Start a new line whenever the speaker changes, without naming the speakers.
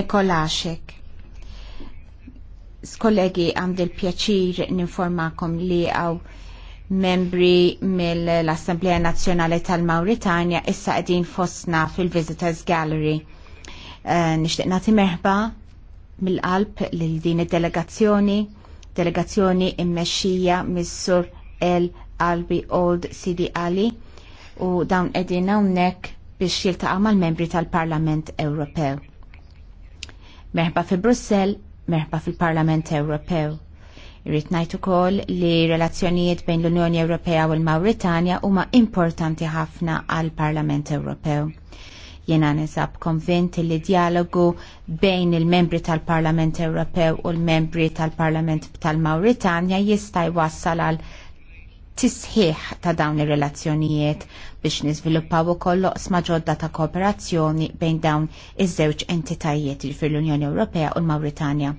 Nikolaxek. Skollegi għandi l-pjaċir ninformakom li għaw membri mill-Assemblea Nazzjonali tal-Mauritania issa qegħdin fostna fil-Visitors Gallery. Nishtiq eh, Nixtieq nagħti merħba mill-qalb lil din id-delegazzjoni, delegazzjoni immexxija mis-Sur El Albi Old Sidi Ali u dawn qegħdin hawnhekk biex jiltaqa' mal-membri tal-Parlament Ewropew. Merħba fi Brussel, merħba fil-Parlament Ewropew. Irrid ngħid ukoll li relazzjonijiet bejn l-Unjoni Ewropea u l-Mawritanja huma importanti ħafna għall Parlament Ewropew. Jiena nisab konvint li dialogu bejn il-membri tal-Parlament Ewropew u l-membri tal-Parlament tal-Mawritanja jista' jwassal għal tisħiħ ta' dawn ir-relazzjonijiet biex niżviluppaw ukoll loqsma ġodda ta' kooperazzjoni bejn dawn iż-żewġ entitajiet fil-Unjoni jiġifieri Ewropea u l-Mawritanja.